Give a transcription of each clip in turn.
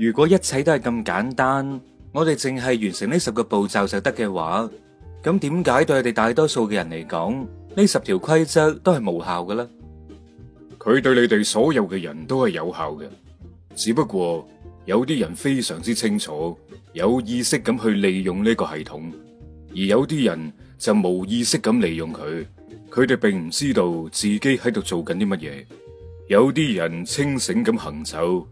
如果一切都係咁簡單，我哋淨係完成呢十個步驟就得嘅話，咁點解對我哋大多數嘅人嚟講，呢十條規則都係無效嘅咧？佢對你哋所有嘅人都係有效嘅，只不過有啲人非常之清楚，有意識咁去利用呢個系統，而有啲人就冇意識咁利用佢，佢哋並唔知道自己喺度做緊啲乜嘢。有啲人清醒咁行走。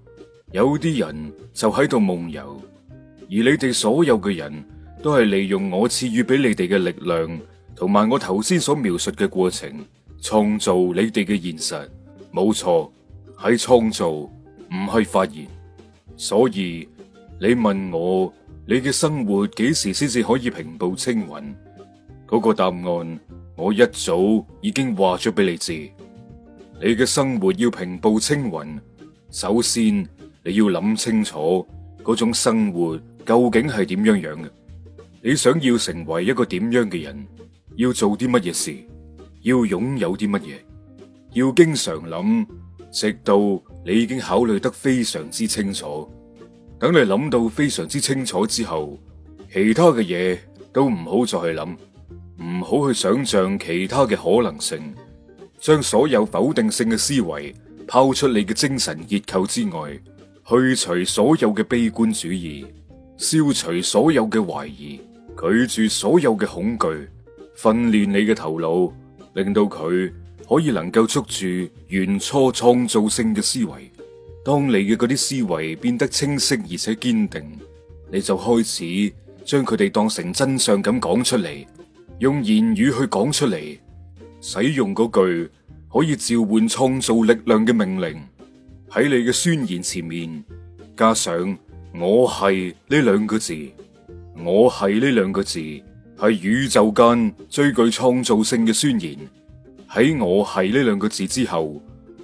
有啲人就喺度夢遊，而你哋所有嘅人都係利用我賜予俾你哋嘅力量，同埋我頭先所描述嘅過程，創造你哋嘅現實。冇錯，係創造，唔係發現。所以你問我你嘅生活幾時先至可以平步青雲？嗰個答案我一早已經話咗俾你知。你嘅生活要平步青雲，首先，你要諗清楚嗰種生活究竟係點樣樣嘅？你想要成為一個點樣嘅人？要做啲乜嘢事？要擁有啲乜嘢？要經常諗，直到你已經考慮得非常之清楚。等你諗到非常之清楚之後，其他嘅嘢都唔好再去諗，唔好去想象其他嘅可能性，將所有否定性嘅思維拋出你嘅精神結構之外。去除所有嘅悲觀主義，消除所有嘅懷疑，拒絕所有嘅恐懼，訓練你嘅頭腦，令到佢可以能夠捉住原初創造性嘅思維。當你嘅嗰啲思維變得清晰而且堅定，你就開始將佢哋當成真相咁講出嚟，用言語去講出嚟，使用嗰句可以召喚創造力量嘅命令。喺你嘅宣言前面加上我係呢兩個字，我係呢兩個字係宇宙間最具創造性嘅宣言。喺我係呢兩個字之後，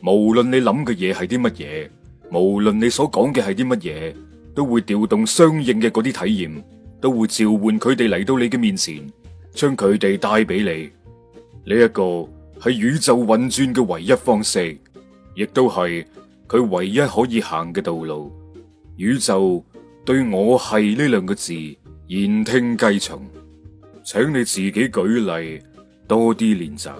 無論你諗嘅嘢係啲乜嘢，無論你所講嘅係啲乜嘢，都會調動相應嘅嗰啲體驗，都會召喚佢哋嚟到你嘅面前，將佢哋帶俾你。呢一個係宇宙運轉嘅唯一方式，亦都係。佢唯一可以行嘅道路，宇宙對我係呢兩個字言聽計從，請你自己舉例多啲練習。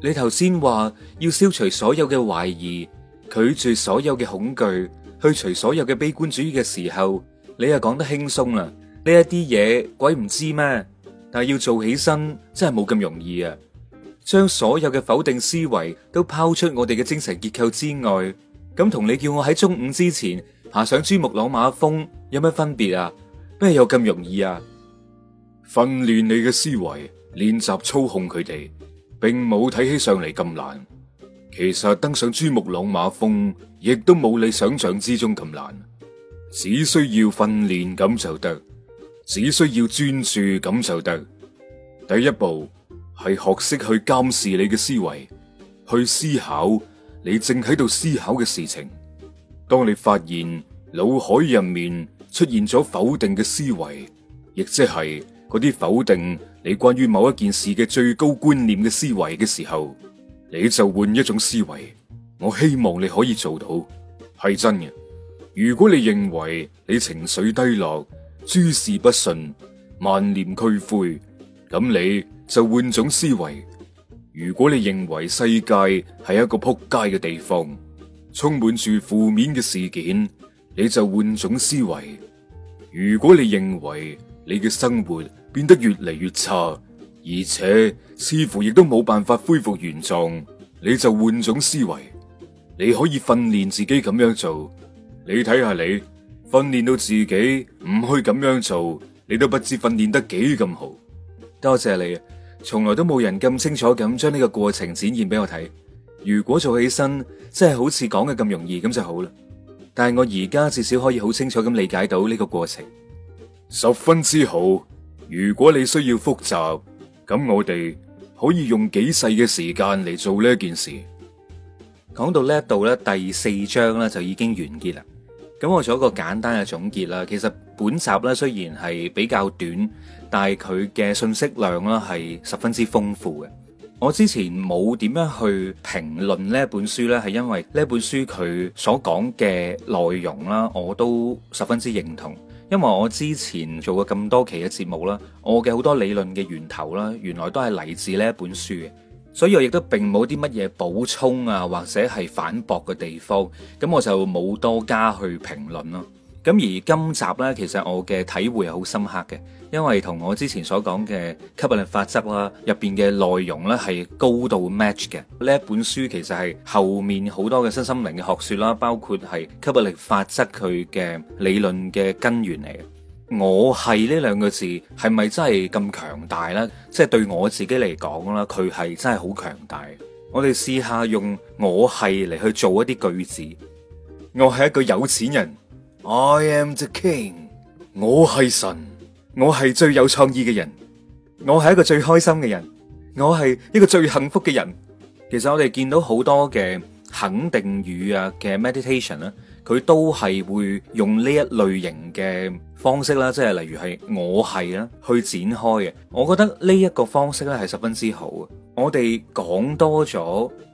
你頭先話要消除所有嘅懷疑，拒絕所有嘅恐懼，去除所有嘅悲觀主義嘅時候，你又講得輕鬆啦。呢一啲嘢鬼唔知咩，但係要做起身真係冇咁容易啊！將所有嘅否定思維都拋出我哋嘅精神結構之外，咁同你叫我喺中午之前爬上珠穆朗瑪峰有咩分別啊？咩有咁容易啊？訓練你嘅思維，練習操控佢哋，並冇睇起上嚟咁難。其實登上珠穆朗瑪峰亦都冇你想象之中咁難，只需要訓練咁就得，只需要專注咁就得。第一步。係學識去監視你嘅思維，去思考你正喺度思考嘅事情。當你發現腦海入面出現咗否定嘅思維，亦即係嗰啲否定你關於某一件事嘅最高觀念嘅思維嘅時候，你就換一種思維。我希望你可以做到，係真嘅。如果你認為你情緒低落、諸事不順、萬念俱灰，咁你。就換種思維。如果你認為世界係一個撲街嘅地方，充滿住負面嘅事件，你就換種思維。如果你認為你嘅生活變得越嚟越差，而且似乎亦都冇辦法恢復原狀，你就換種思維。你可以訓練自己咁樣做。你睇下你訓練到自己唔去咁樣做，你都不知訓練得幾咁好。多謝你。從來都冇人咁清楚咁將呢個過程展現俾我睇。如果做起身真係好似講嘅咁容易咁就好啦。但係我而家至少可以好清楚咁理解到呢個過程，十分之好。如果你需要複雜，咁我哋可以用幾世嘅時間嚟做呢件事。講到呢一度咧，第四章咧就已經完結啦。咁我做一個簡單嘅總結啦。其實。本集咧雖然係比較短，但係佢嘅信息量啦係十分之豐富嘅。我之前冇點樣去評論呢本書呢係因為呢本書佢所講嘅內容啦，我都十分之認同。因為我之前做過咁多期嘅節目啦，我嘅好多理論嘅源頭啦，原來都係嚟自呢本書嘅，所以我亦都並冇啲乜嘢補充啊，或者係反駁嘅地方，咁我就冇多加去評論咯。咁而今集呢，其實我嘅體會係好深刻嘅，因為同我之前所講嘅吸引力法則啦，入邊嘅內容呢係高度 match 嘅。呢一本書其實係後面好多嘅新心靈嘅學説啦，包括係吸引力法則佢嘅理論嘅根源嚟。我係呢兩個字係咪真係咁強大呢？即係對我自己嚟講啦，佢係真係好強大。我哋試下用我係嚟去做一啲句子。我係一個有錢人。I am the king，我係神，我係最有創意嘅人，我係一個最開心嘅人，我係一個最幸福嘅人。其實我哋見到好多嘅肯定語啊嘅 meditation 啦，佢都係會用呢一類型嘅方式啦，即係例如係我係啦去展開嘅。我覺得呢一個方式咧係十分之好。我哋講多咗，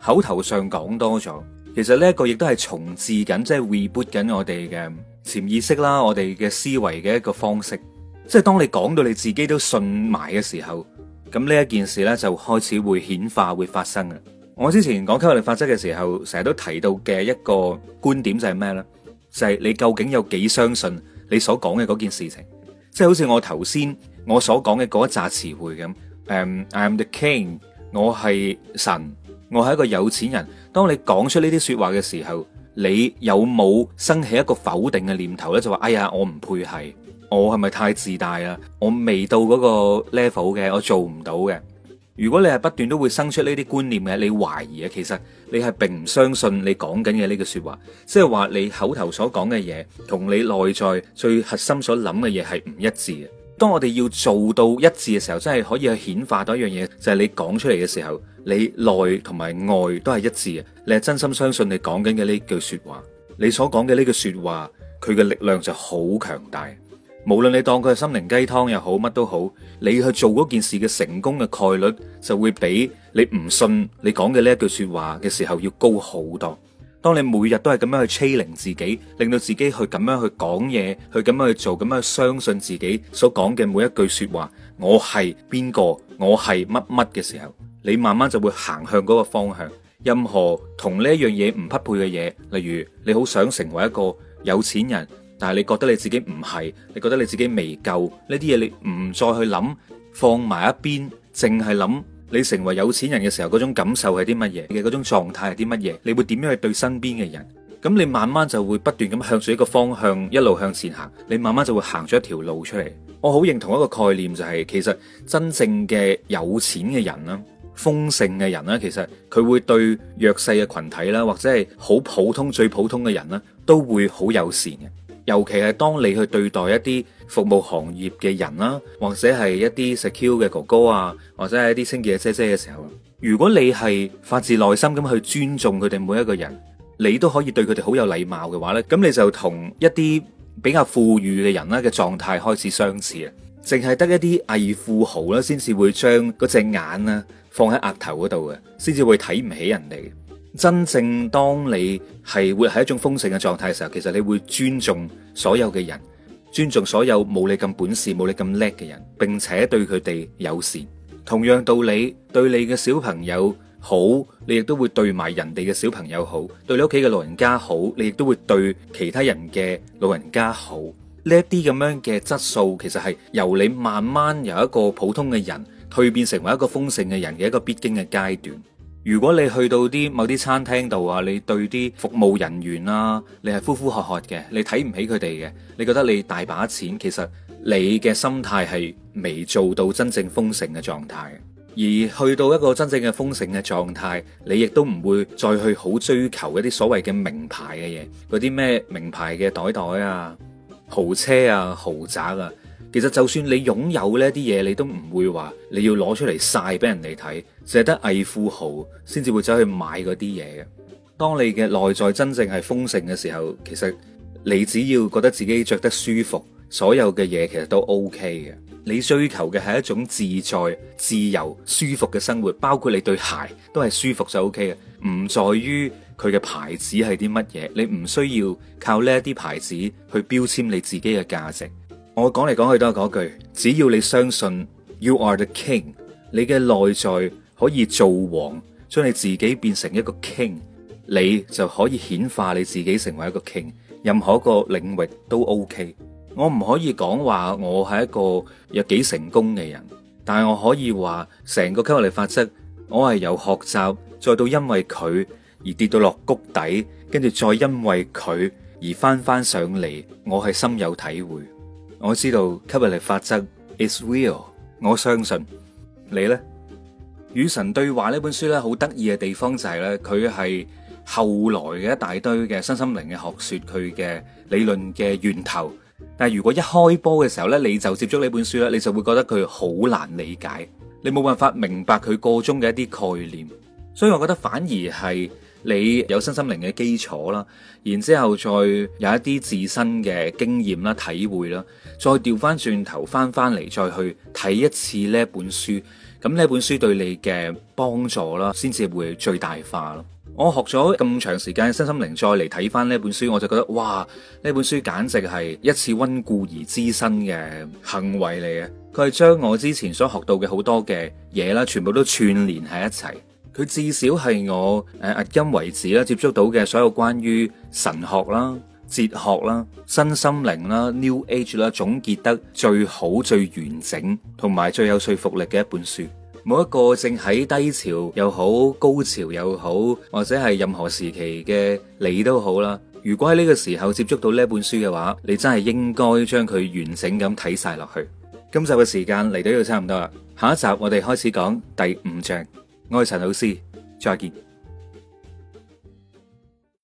口頭上講多咗，其實呢一個亦都係重置緊，即係 reboot 緊我哋嘅。潛意識啦，我哋嘅思維嘅一個方式，即係當你講到你自己都信埋嘅時候，咁呢一件事呢，就開始會顯化會發生嘅。我之前講吸引力法則嘅時候，成日都提到嘅一個觀點就係咩呢？就係、是、你究竟有幾相信你所講嘅嗰件事情？即係好似我頭先我所講嘅嗰一紮詞彙咁，誒、嗯、，I am the king，我係神，我係一個有錢人。當你講出呢啲說話嘅時候，你有冇生起一個否定嘅念頭咧？就話，哎呀，我唔配係，我係咪太自大啦？我未到嗰個 level 嘅，我做唔到嘅。如果你係不斷都會生出呢啲觀念嘅，你懷疑啊，其實你係並唔相信你講緊嘅呢句說話，即係話你口頭所講嘅嘢同你內在最核心所諗嘅嘢係唔一致嘅。當我哋要做到一致嘅時候，真係可以去顯化到一樣嘢，就係你講出嚟嘅時候，你內同埋外都係一致嘅，你係真心相信你講緊嘅呢句說話，你所講嘅呢句說話，佢嘅力量就好強大。無論你當佢係心靈雞湯又好，乜都好，你去做嗰件事嘅成功嘅概率，就會比你唔信你講嘅呢句說話嘅時候要高好多。當你每日都係咁樣去 training 自己，令到自己去咁樣去講嘢，去咁樣去做，咁樣去相信自己所講嘅每一句說話，我係邊個，我係乜乜嘅時候，你慢慢就會行向嗰個方向。任何同呢一樣嘢唔匹配嘅嘢，例如你好想成為一個有錢人，但係你覺得你自己唔係，你覺得你自己未夠呢啲嘢，你唔再去諗，放埋一邊，淨係諗。你成為有錢人嘅時候，嗰種感受係啲乜嘢嘅？嗰種狀態係啲乜嘢？你會點樣去對身邊嘅人？咁你慢慢就會不斷咁向住一個方向，一路向前行。你慢慢就會行咗一條路出嚟。我好認同一個概念就係，其實真正嘅有錢嘅人啦，豐盛嘅人啦，其實佢會對弱勢嘅群體啦，或者係好普通、最普通嘅人啦，都會好友善嘅。尤其係當你去對待一啲服務行業嘅人啦，或者係一啲食 Q 嘅哥哥啊，或者係一啲清潔嘅姐姐嘅時候，如果你係發自內心咁去尊重佢哋每一個人，你都可以對佢哋好有禮貌嘅話呢，咁你就同一啲比較富裕嘅人啦嘅狀態開始相似啊！淨係得一啲藝富豪啦，先至會將嗰隻眼啊放喺額頭嗰度嘅，先至會睇唔起人哋。真正當你係會係一種豐盛嘅狀態嘅時候，其實你會尊重所有嘅人，尊重所有冇你咁本事、冇你咁叻嘅人，並且對佢哋友善。同樣道理，對你嘅小朋友好，你亦都會對埋人哋嘅小朋友好，對你屋企嘅老人家好，你亦都會對其他人嘅老人家好。呢啲咁樣嘅質素，其實係由你慢慢由一個普通嘅人蛻變成為一個豐盛嘅人嘅一個必經嘅階段。如果你去到啲某啲餐廳度啊，你對啲服務人員啊，你係呼呼喝喝嘅，你睇唔起佢哋嘅，你覺得你大把錢，其實你嘅心態係未做到真正豐盛嘅狀態。而去到一個真正嘅豐盛嘅狀態，你亦都唔會再去好追求一啲所謂嘅名牌嘅嘢，嗰啲咩名牌嘅袋袋啊、豪車啊、豪宅啊。其實就算你擁有呢啲嘢，你都唔會話你要攞出嚟晒俾人哋睇，淨係得偽富豪先至會走去買嗰啲嘢嘅。當你嘅內在真正係豐盛嘅時候，其實你只要覺得自己着得舒服，所有嘅嘢其實都 OK 嘅。你追求嘅係一種自在、自由、舒服嘅生活，包括你對鞋都係舒服就 OK 嘅，唔在於佢嘅牌子係啲乜嘢。你唔需要靠呢啲牌子去標籤你自己嘅價值。我講嚟講去都係嗰句，只要你相信，You are the king。你嘅內在可以做王，將你自己變成一個 king，你就可以顯化你自己成為一個 king。任何一個領域都 OK。我唔可以講話我係一個有幾成功嘅人，但係我可以話成個吸引力法則，我係由學習再到因為佢而跌到落谷底，跟住再因為佢而翻翻上嚟，我係深有體會。我知道吸引力法則 is real，我相信你呢，與神對話呢本書呢，好得意嘅地方就係、是、呢，佢係後來嘅一大堆嘅身心靈嘅學說，佢嘅理論嘅源頭。但係如果一開波嘅時候呢，你就接觸呢本書呢，你就會覺得佢好難理解，你冇辦法明白佢個中嘅一啲概念。所以我覺得反而係。你有身心靈嘅基礎啦，然之後再有一啲自身嘅經驗啦、體會啦，再調翻轉頭翻翻嚟，再去睇一次呢本書，咁呢本書對你嘅幫助啦，先至會最大化咯。我學咗咁長時間嘅身心靈，再嚟睇翻呢本書，我就覺得哇，呢本書簡直係一次溫故而知新嘅行為嚟嘅，佢係將我之前所學到嘅好多嘅嘢啦，全部都串聯喺一齊。佢至少係我誒至、啊、今為止啦，接觸到嘅所有關於神學啦、哲學啦、身心靈啦、New Age 啦，總結得最好、最完整同埋最有說服力嘅一本書。每一個正喺低潮又好、高潮又好，或者係任何時期嘅你都好啦。如果喺呢個時候接觸到呢本書嘅話，你真係應該將佢完整咁睇曬落去。今集嘅時間嚟到呢度差唔多啦，下一集我哋開始講第五章。我係陳老師，再見。